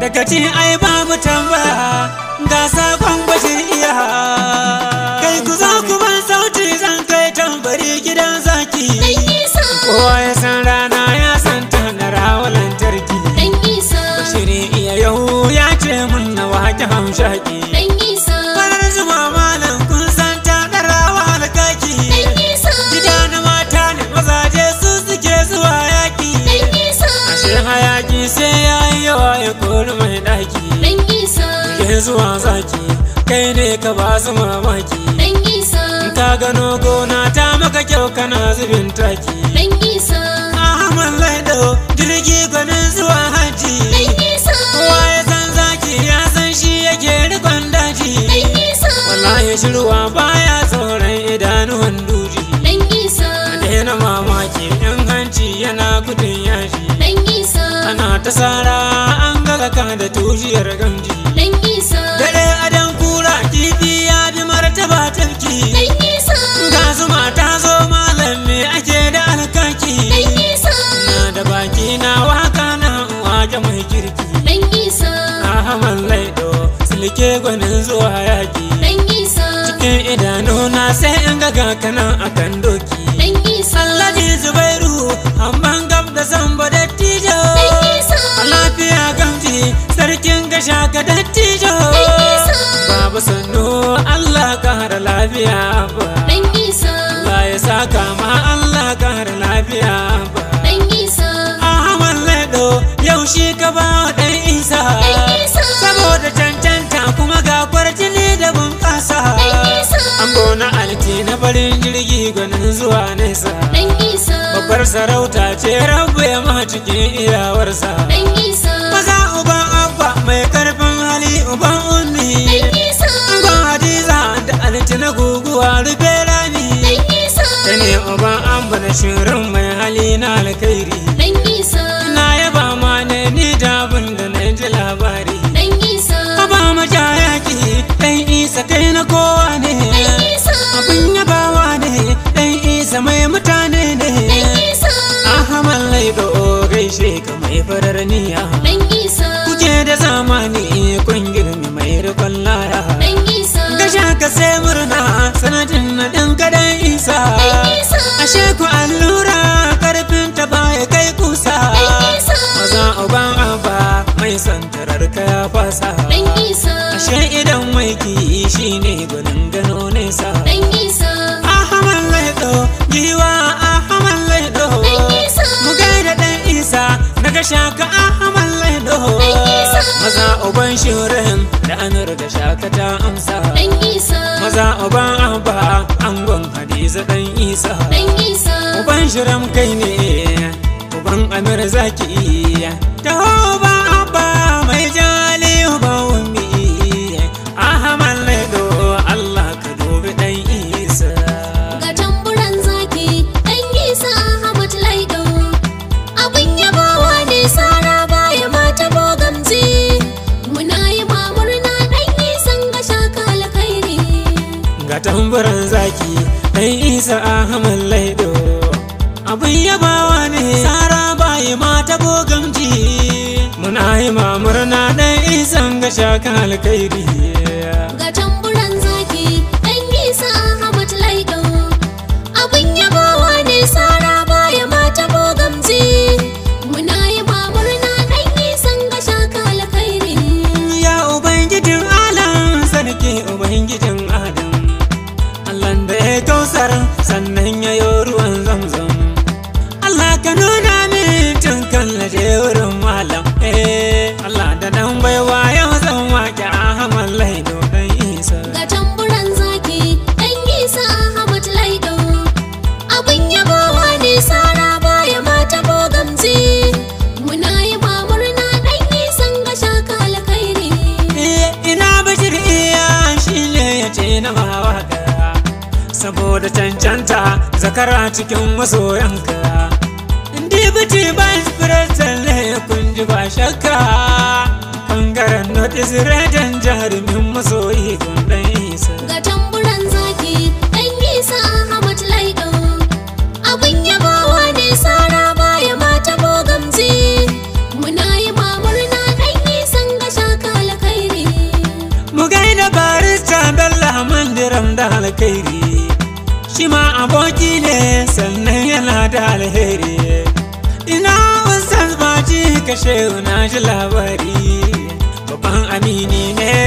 Daga cin ai mu tambaya ga sakon bashir iya kai ku za ku ban sauti zan kai tambari gidan zaki kowa ya san rana ya san tanara lantarki bashir iya yau ya ce mun na wake hamshaki zuwa zaki kai ne ka ba su mamaki ka gano gona ta maka kyau kana zubin taki Ahmad Laido jirgi gwanin zuwa haji kowa ya san zaki ya san shi yake rikon daji wallahi shirwa baya tsoron idanuwan duji daina mamaki yan hanci yana gudun yaji ana ta sara an gaga ka da tujiyar gan gwanin zuwa yaƙi cikin idanuna sai in ga gakanan a kan doki Allaji Zubairu amman gab da zamba dattijo a lafiya gamji sarkin gasha ga dattijo babu sannu Allah kara lafiya ba la ya saka ma Allah kara lafiya ba Ahmad Lado yau shi ka ba farin jirgi gwanin zuwa nesa babbar sarauta ce rabu ya ma cikin iyawarsa maza uban abba mai karfin hali uba unni dan hadiza da alitina guguwa rufe rani ta ne uban amma na shirin mai hali na alkairi mai mutane ne ahaman laido gaishe ka mai farar niya kuke da zamani kun girmi mai rikon laya gasha ka sai murna sanadin na ɗan kadan isa ashe ku allura karfin ta baya kai kusa maza uban abba mai santarar ka ya fasa ashe idan mai ki shi ne gwanin gano nesa shaka ahmad laido maza uban shirin da anur da shaka ta amsa maza uban abba angon hadiza dan isa uban shirin kai ne uban amir zaki ta ba abba mai jali uban tambarin zaki dai isa ahmad laido abin yabawa ne tsara bayi mata gogamji muna yi mamurna dai isan ga shakan alkairi zakara cikin masoyanka dibiti ba inspiratan ne kun ji ba shakka bangaren not is redan jarumin masoyi kun dan isa ga tamburan zaki dan isa ahmad laido abin yabawa ne sara baya mata bogamzi muna yi murna dan isa ga shaka alkhairi mu gaida barista bello mandiram da alkhairi Shima aboki ne sannan yana da alheri Ina wasan baji kashe na ji labari Babban amini ne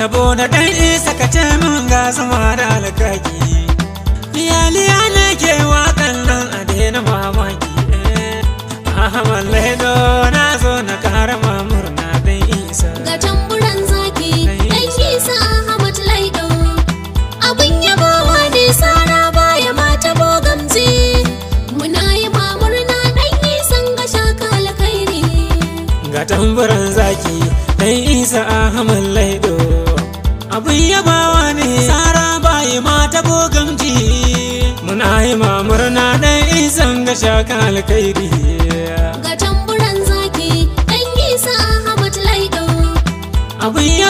saboda ɗan isa ka ce mun ga zuma da alkaki iyaliya ne ke waƙan nan a daina mamaki eh. ahmad laido na zo na kara na dan isa ga tamburan zaki dan isa ahmad laido abin yabo wani sara baya mata bogamzi muna yi murna dan isan ga shaka alkhairi ga tamburan zaki dan isa ahmad sha ka alkhairi ga tamburan zaki dangi sa Ahmad Laido